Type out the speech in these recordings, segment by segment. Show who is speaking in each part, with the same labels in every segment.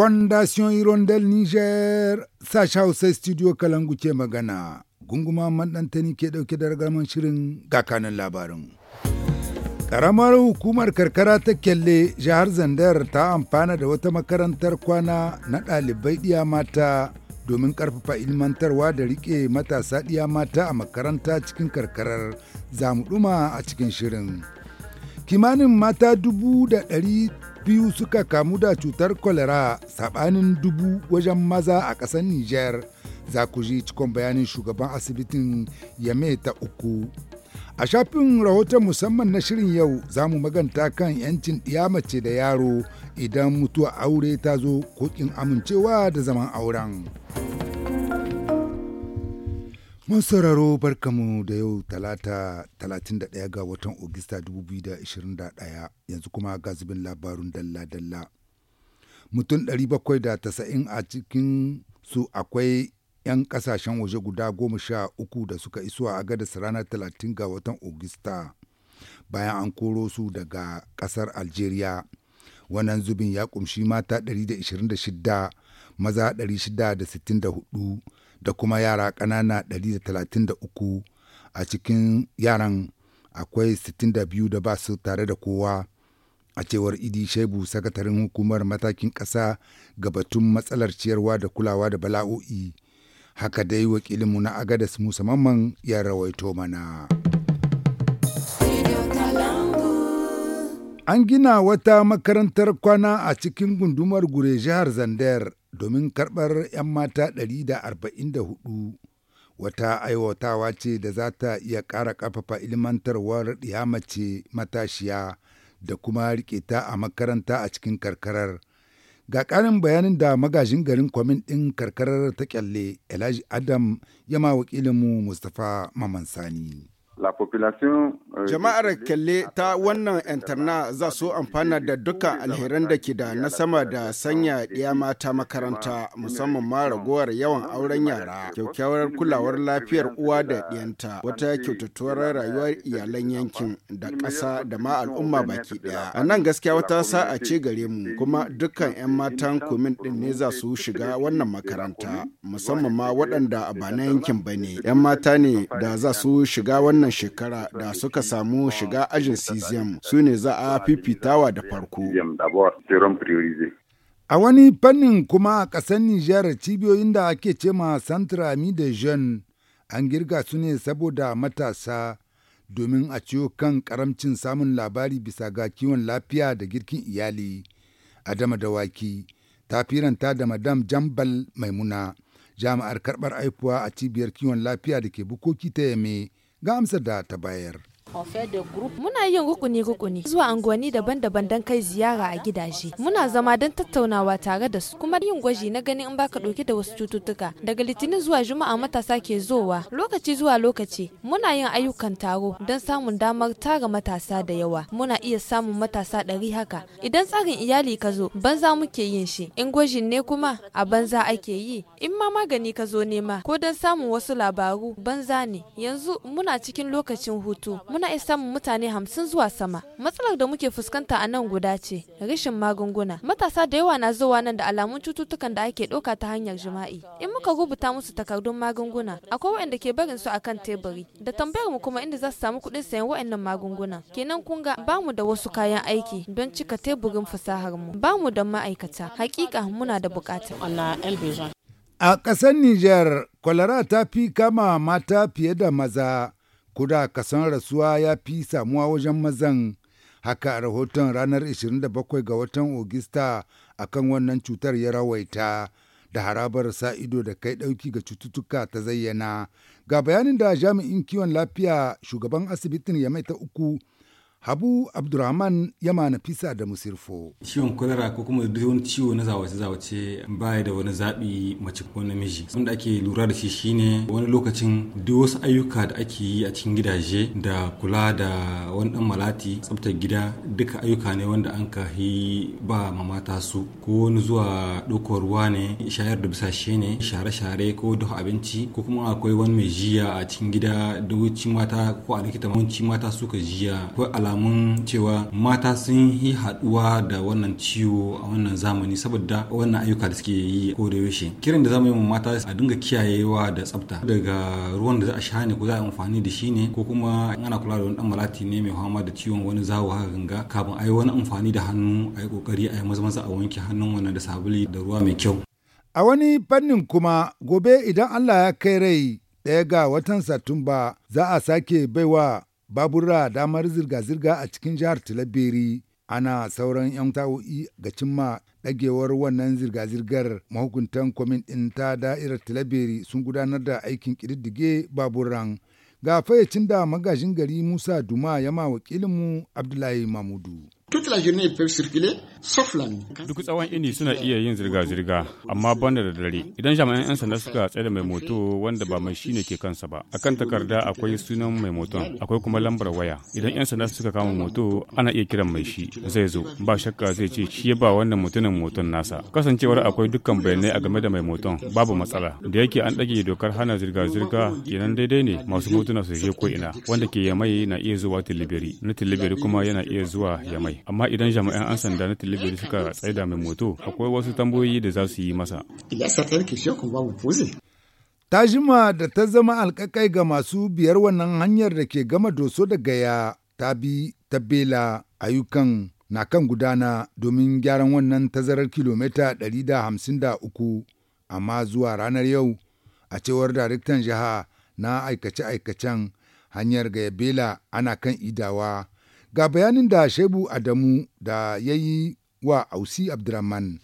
Speaker 1: Fondation Hirondelle Niger sasha Hausa Studio Kalangu ke magana. Gunguma maɗantani ke ɗauke da ragaman shirin gakanin labarin. Ƙaramar hukumar karkara ta kyalle jihar Zandar ta amfana da wata makarantar kwana na ɗalibai ɗiya mata domin ƙarfafa ilmantarwa da riƙe matasa ɗiya mata a makaranta cikin karkarar zamu ɗuma a cikin shirin. Kimanin mata dubu da ɗari biyu suka kamu da cutar kwalera sabanin dubu wajen maza a ƙasar Nijar, za ku ji cikon bayanin shugaban asibitin Yame ta uku. A shafin rahoton musamman na shirin yau za mu maganta kan 'yancin mace da yaro idan mutuwa aure ta zo kokin amincewa da zaman auren. Mun sauraro barkamu da yau talata 31 ga watan Ogista 2021 yanzu kuma ga zubin labarun dalla-dalla. Mutum 790 a cikin su akwai 'yan kasashen waje guda goma sha uku da suka iso a gada ranar 30 ga watan Ogista bayan an koro su daga kasar Algeria. Wannan zubin ya kumshi mata 126 maza 664 da kuma yara ƙanana 133 a cikin yaran akwai 62 da ba su tare da kowa a cewar idi Shaibu Sakataren hukumar matakin ƙasa ga batun matsalar ciyarwa da kulawa da bala'o'i haka dai wakilinmu na agadas musamman ya rawaito mana. An gina wata makarantar kwana a cikin gundumar gure jihar Zandar domin karɓar 'yan mata 144 wata aiwatawa ce da za ta iya ƙara ƙafafa ilmantarwar mace matashiya da kuma riƙe ta a makaranta a cikin karkarar. Ga ƙarin bayanin da magajin garin kwamin ɗin karkarar ta kyalle Elaji Adam ya ma wakilinmu Mustapha Mamansani.
Speaker 2: Euh, Jama'ar Kelle ta wannan interna za su amfana da dukkan alheran da ke da na sama da sanya ɗiya mata makaranta musamman ma ragowar yawan auren yara, kyaukyawar kulawar lafiyar uwa da ɗiyanta, wata kyautatuwar rayuwar iyalan yankin da ƙasa da ma al'umma baki ɗaya. A nan gaskiya wata sa'a ce gare mu kuma dukkan 'yan matan komin ɗin ne za su shiga wannan makaranta musamman ma waɗanda ba na yankin ba ne 'yan mata ne da za su shiga wannan wannan shekara da suka samu shiga ajin cesium su ne za a fifitawa da farko. A wani fannin kuma a ƙasar
Speaker 1: Nijar cibiyoyin da ake ce ma Santra da Jean an girga su ne saboda matasa domin a ciyo kan karamcin samun labari bisa ga kiwon lafiya da girkin iyali. Adama Dawaki ta firanta da Madam Jambal Maimuna jami'ar karɓar aifuwa a cibiyar kiwon lafiya da ke bukoki ta yame ga amsar da ta bayar.
Speaker 3: Muna yin rukuni-rukuni zuwa unguwanni daban-daban don kai ziyara a gidaje. Muna zama don tattaunawa tare da su kuma yin gwaji na ganin in baka ɗauke da wasu cututtuka. Daga Litinin zuwa Juma'a matasa ke zowa lokaci zuwa lokaci muna yin ayyukan taro don samun damar tara matasa da yawa. Muna iya samun matasa ɗari haka. Idan tsarin iyali ka zo banza muke yin shi. In gwaji ne kuma a banza ake yi. In ma magani ka zo nema ko don samun wasu labaru banza ne. Yanzu muna cikin lokacin hutu. muna iya samun mutane hamsin zuwa sama. Matsalar da muke fuskanta a nan guda ce, rashin magunguna. Matasa da yawa na zuwa nan da alamun cututtukan da ake ɗauka ta hanyar jima'i. In muka rubuta musu takardun magunguna, akwai waɗanda ke barin su akan teburi. Da tambayar mu kuma inda za su samu kuɗin sayan waɗannan magunguna. Kenan kun ga ba mu da wasu kayan aiki don cika teburin fasahar mu. Ba mu da ma'aikata. Hakika muna da buƙata.
Speaker 1: A ƙasar Nijar, kwalara ta fi kama mata fiye da maza. kuda kasan rasuwa ya fi samuwa wajen mazan haka a rahoton ranar 27 ga watan ogista a kan wannan cutar ya rawaita da harabar sa ido da kai ɗauki ga cututtuka ta zayyana ga bayanin da jami'in kiwon lafiya shugaban asibitin ya mai ta uku Habu Abdurrahman Yama fisa da Musirfo. Ciwon kwalara ko kuma duk wani ciwo na zawace-zawace ya da wani zaɓi mace ko namiji. da ake lura da shi shine wani lokacin duk wasu ayyuka da
Speaker 2: ake yi a cikin gidaje da kula da wani ɗan malati tsaftar gida duka ayyuka ne wanda an ka yi ba mamata su ko wani zuwa ɗaukar ruwa ne shayar da bisashe ne share-share ko duk abinci ko kuma akwai wani mai jiya a cikin gida
Speaker 1: da mata ko a likita mata suka jiya ko ala alamun cewa mata sun yi haɗuwa da wannan ciwo a wannan zamani saboda wannan ayyuka da suke yi ko da yaushe kiran da zamu yi mata a dinga kiyayewa da tsafta daga ruwan da za a sha ne ko za a amfani da shi ne ko kuma ana kula da wani dan malati ne mai fama da ciwon wani zawo haka ganga kafin a yi wani amfani da hannu a yi kokari a yi maza maza a wanke hannun wannan da sabuli da ruwa mai kyau a wani fannin kuma gobe idan Allah ya kai rai ɗaya ga watan Satumba za a sake baiwa babura damar zirga-zirga a cikin jihar Talabiri. Ana sauran 'yan ta'o'i ga cimma dagewar wannan zirga-zirgar mahukuntan kwamin ɗin ta da'irar Talabiri sun gudanar da aikin ƙididdige baburan. Ga fayyacin da magajin gari Musa Duma ya ma wakilinmu Abdullahi Mamudu.
Speaker 2: toute la journée ils Duk tsawon ini suna iya yin zirga-zirga, amma banda da dare. Idan jami'an 'yan sanda suka tsaye da mai moto wanda ba mai shine ke kansa ba, akan takarda akwai sunan mai moton, akwai kuma lambar waya. Idan 'yan sanda suka kama moto, ana iya kiran mai shi, zai zo. Ba shakka zai ce shi ba wannan mutumin moton nasa. Kasancewar akwai dukkan bayanai a game da mai moton, babu matsala. Da yake an ɗage dokar hana zirga-zirga, kenan daidai ne masu motuna su je ko ina, wanda ke yamai na iya zuwa tilibiri, na tilibiri kuma yana iya zuwa yamai. Amma idan jami'an 'yan sanda na delivery suka tsaida mai moto akwai wasu tambayoyi da za su yi masa
Speaker 1: ta jima da ta zama alƙaƙai ga masu biyar wannan hanyar da ke gama doso da gaya ta bi ta bela ayyukan na kan gudana domin gyaran wannan tazarar kilomita 153 amma zuwa ranar yau a cewar daraktan jiha na aikace-aikacen hanyar gaya bela ana kan idawa ga bayanin da shebu adamu da ya yi wa Ausi Abdurrahman.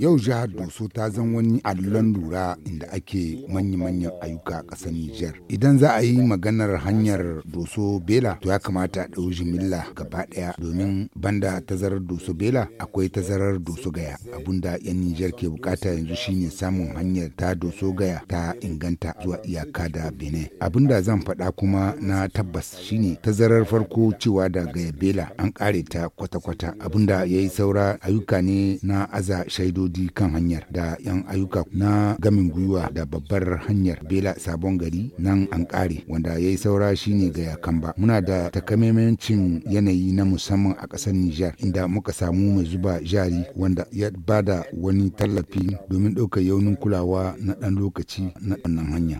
Speaker 1: Yau jihar Doso ta zan wani allon lura inda ake manya-manyan ayyuka a ƙasar Nijar. Idan za a yi maganar hanyar Doso Bela to ya kamata a ɗau jimilla gaba ɗaya domin banda tazarar Doso Bela akwai tazarar Doso Gaya. da 'yan Nijar ke bukata yanzu shine samun hanyar ta Doso Gaya ta inganta zuwa iyaka da bene Abinda zan faɗa kuma na tabbas shine tazarar farko cewa da Gaya Bela an ƙare ta kwata-kwata abinda ya yi saura ayyuka ne na aza shaidodi kan hanyar da 'yan ayyuka na gamin gwiwa da babbar hanyar bela sabon gari nan an kare wanda ya yi saura shine ga yakamba muna da takamaimancin yanayi na musamman a ƙasar nijar inda muka samu mai zuba jari wanda ya ba da wani tallafi domin ɗaukar yaunin kulawa na ɗan lokaci na wannan hanya.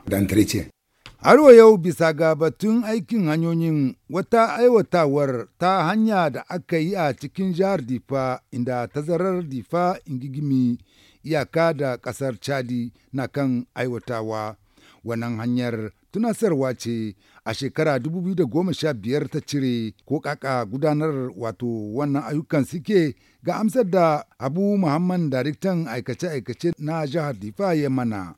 Speaker 1: haro yau bisa ga batun aikin hanyoyin wata aiwatawar ta hanya da aka yi a cikin jihar Difa inda tazarar Difa ingigimi iyaka da ƙasar Chadi na kan aiwatawa. Wannan hanyar tunasarwa ce a shekara 2015 ta cire ko kaka gudanar wato wannan ayyukan suke ga amsar da Abu Muhammad daraktan aikace-aikace na jihar Difa ya mana.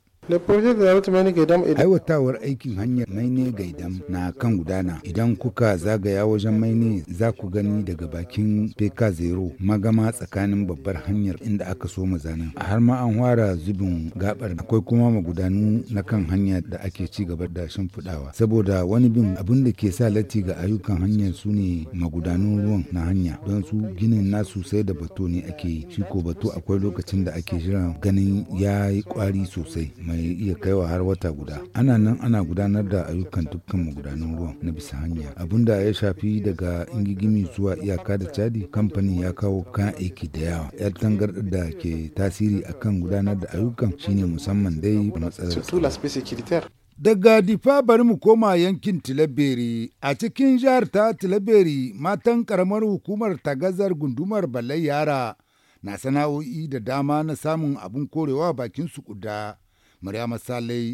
Speaker 1: Aiwatawar aikin hanyar maine gaidam na kan gudana idan kuka zagaya wajen maine za ku gani daga bakin pk zero magama tsakanin babbar hanyar inda aka so zanen a har ma an fara zubin gabar akwai kuma magudanu na kan hanya da ake ci gaba da shimfiɗawa saboda wani bin abin da ke sa lati ga ayyukan hanyar su ne magudanun ruwan na hanya don su ginin nasu sai da bato ne ake yi shi ko bato akwai lokacin da ake jiran ganin ya yi kwari sosai mai iya kaiwa har wata guda. Ana nan ana gudanar da ayyukan dukkan magudanan ruwan na bisa hanya. abun da ya shafi daga ingigimi zuwa iyaka da Chadi, kamfani ya kawo kayan aiki da yawa. Yar tangarɗar da ke tasiri akan gudanar da ayyukan shine musamman dai
Speaker 2: matsalar.
Speaker 1: Daga difa bari mu koma yankin Tilaberi, a cikin jihar ta Tilaberi matan karamar hukumar tagazar gundumar balai yara na sana'o'i da dama na samun abin korewa bakin su kuda. Maryama Salai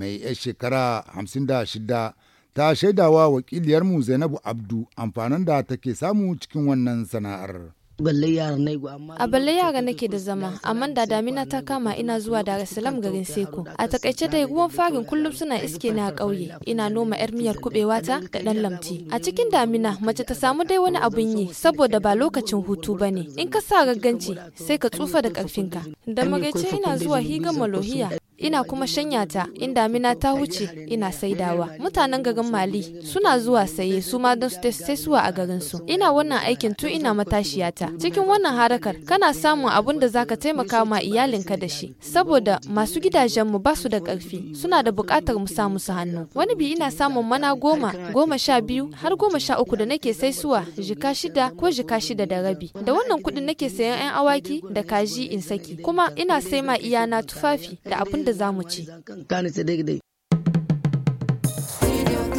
Speaker 1: mai 'yar shekara 56 ta shaidawa wakiliyarmu Zainabu Abdu amfanin da take samu cikin wannan sana'ar. a
Speaker 3: balle yara nake da zama amma da damina ta kama ina zuwa darasalam salam garin seko a takaice dai ruwan farin kullum suna iske na ƙauye ina noma yar miyar kubewa ta da ɗan lamti a cikin damina mace ta samu dai wani abun yi saboda ba lokacin hutu ba ne. in ka sa gaganci sai ka tsufa da karfinka da magaice ina zuwa higan malohiya ina kuma shanya ta in damina ta huce ina saidawa mutanen garin mali suna zuwa saye su ma don su suwa a garin su ina wannan aikin tun ina matashiyata cikin wannan harakar kana samun abun da zaka taimaka ma ka da shi saboda masu gidajen mu basu da karfi suna da bukatar mu sa musu hannu wani bi ina samun mana goma goma sha biyu har goma sha uku da nake saisuwa jika shida ko jika shida da rabi da wannan kuɗin nake sayan 'yan awaki da kaji in saki kuma ina sai ma iyana tufafi da abun da za mu ci.
Speaker 2: Eh,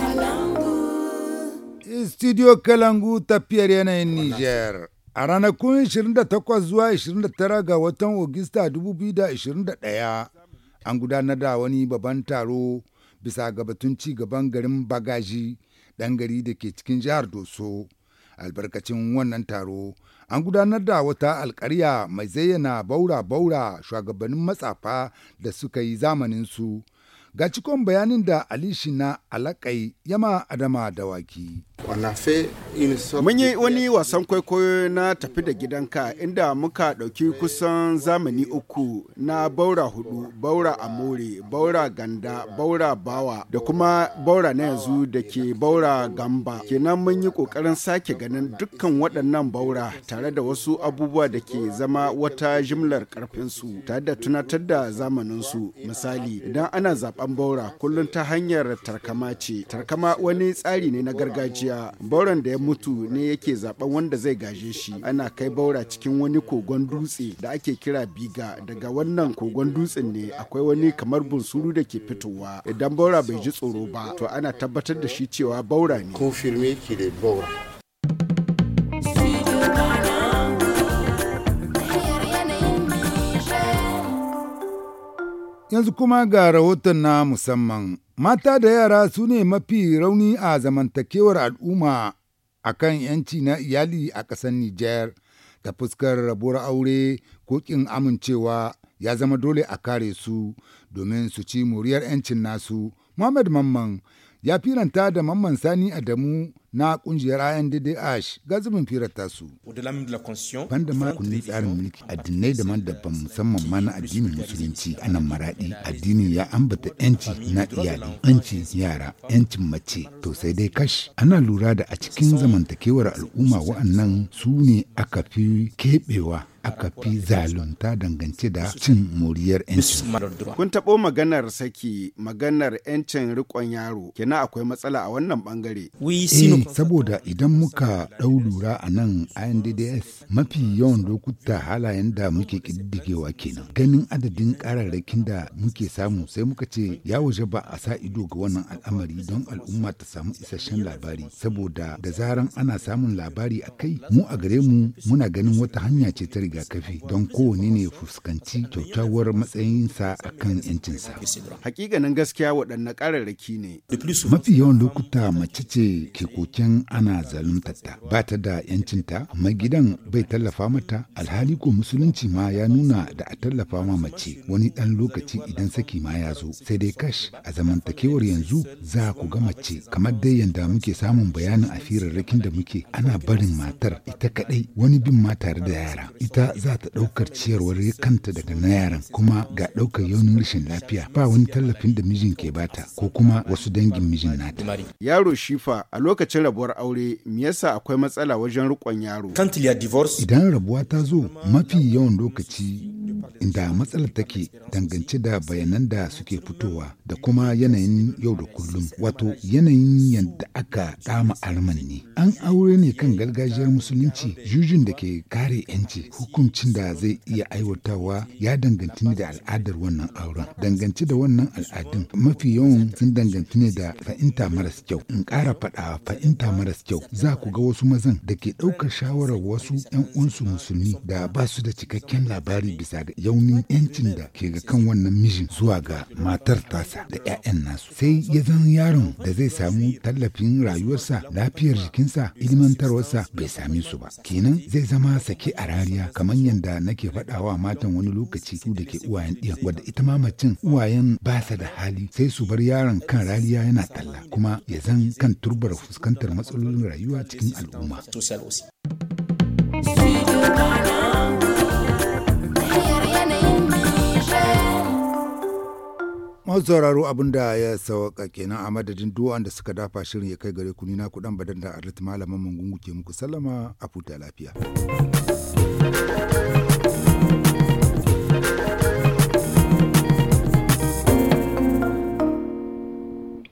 Speaker 1: Studio Kalangu tafiyar yanayin Niger. A ranakun 28 zuwa 29 ga watan Ogista 2021 an gudanar da wani babban taro bisa ga batun ci gaban garin Bagaji ɗan gari da ke cikin jihar Doso. Albarkacin wannan taro An gudanar da wata alkarya mai zayyana baura-baura shugabannin matsafa da suka yi zamaninsu. Ga cikon bayanin da Ali Shina Alaƙai yama Adama Dawaki. Mun yi wani
Speaker 2: wasan kwaikwayo na tafi da gidanka inda muka ɗauki kusan zamani uku na baura hudu, baura amore, baura ganda, baura bawa da kuma baura na yanzu da ke baura gamba. Kenan mun yi ƙoƙarin sake ganin dukkan waɗannan baura tare da wasu abubuwa da ke zama wata jimlar ƙarfinsu tare da tunatar da zamaninsu. Misali, idan ana zaben baura kullum ta hanyar tarkama ce, tarkama wani tsari ne na gargajiya. gargajiya bauran da ya mutu ne yake zaben wanda zai gaje shi ana kai baura cikin wani kogon dutse da ake kira biga daga wannan kogon dutsen ne akwai wani kamar bunsuru da ke fitowa idan baura bai ji tsoro ba to ana tabbatar da shi cewa baura ne firme ki da baura
Speaker 1: Yanzu kuma ga rahoton na musamman. Mata da yara su ne mafi rauni a zamantakewar al'umma a kan ‘yanci na iyali a ƙasar Nijar ta fuskar rabuwar aure ko ƙin amincewa ya zama dole a kare su domin su ci moriyar ‘yancin nasu. Muhammad Mamman ya firanta da mamman sani adamu na kungiyar INDDH ga zubin firanta su. Banda da kundin tsarin mulki addinai daban-daban musamman ma na addinin musulunci a nan maraɗi addini ya ambata yanci na iyali yanci yara yancin mace to sai dai kash ana lura da a cikin zamantakewar al'umma wa'annan su ne aka fi keɓewa aka fi zalunta dangance da cin moriyar 'yanci. Kun
Speaker 2: taɓo maganar saki maganar 'yancin rikon yaro kenan akwai matsala a wannan bangare. Eh,
Speaker 1: saboda idan muka ɗau lura a nan INDDS mafi yawan lokuta halayen da muke ƙididdigewa kenan. Ganin adadin ƙararrakin da muke samu sai muka ce ya waje ba a sa ido ga wannan al'amari don al'umma ta samu isasshen labari saboda da zaran ana samun labari a kai mu a gare mu muna ganin wata hanya ce ta riga rigakafi don kowane ne fuskanci kyaukyawar matsayinsa a kan ‘yancinsa.
Speaker 2: nan gaskiya waɗanne ƙararraki ne.
Speaker 1: Mafi yawan lokuta mace ce ke koken ana zaluntarta ba ta da ‘yancinta, gidan bai tallafa mata alhali ko musulunci ma ya nuna da a tallafa ma mace wani ɗan lokaci idan saki ma ya zo sai dai kash a zamantakewar yanzu za ku ga mace kamar dai yanda muke samun bayanin a firarrakin da muke ana barin matar ita kaɗai wani bin ma tare da yara ita za ta ɗaukar ciyarwar kanta daga na yaran kuma ga ɗaukar yaunin rashin lafiya ba wani tallafin da mijin ke bata ko kuma wasu dangin mijin nata.
Speaker 2: Yaro shifa a lokacin rabuwar aure me yasa akwai matsala wajen riƙon yaro?
Speaker 1: Idan rabuwa ta zo mafi yawan lokaci inda matsalar take dangance da bayanan da suke fitowa da kuma yanayin yau da kullum wato yanayin yadda aka dama arman ne an aure ne kan gargajiyar musulunci jujin da ke kare yanci hukuncin da zai iya aiwatawa ya danganci ne da al'adar wannan auren dangance da wannan al'adun mafi yawan sun danganci ne da fahimta maras kyau in kara faɗa fahimta maras kyau za ku ga wasu mazan da ke ɗaukar shawarar wasu 'yan uwansu musulmi da ba su da cikakken labari bisa ga yaunin yancin da ke ga kan wannan mijin zuwa ga matar tasa da 'ya'yan nasu sai ya zan yaron da zai samu tallafin rayuwarsa lafiyar jikinsa ilimantarwarsa bai same su ba kenan zai zama sake a rariya kamar yadda nake faɗawa matan wani lokaci su da ke uwayen ɗiyan wadda ita ma macin uwayen ba sa da hali sai su bar yaron kan rariya yana talla kuma ya zan kan turbar fuskantar matsalolin rayuwa cikin al'umma.
Speaker 3: Thank you.
Speaker 1: masu sauraro abin da ya sauka kenan a madadin duwan da suka dafa shirin ya kai gare ku nina kudan badan da arlit malaman mungungu ke muku sallama a futa lafiya.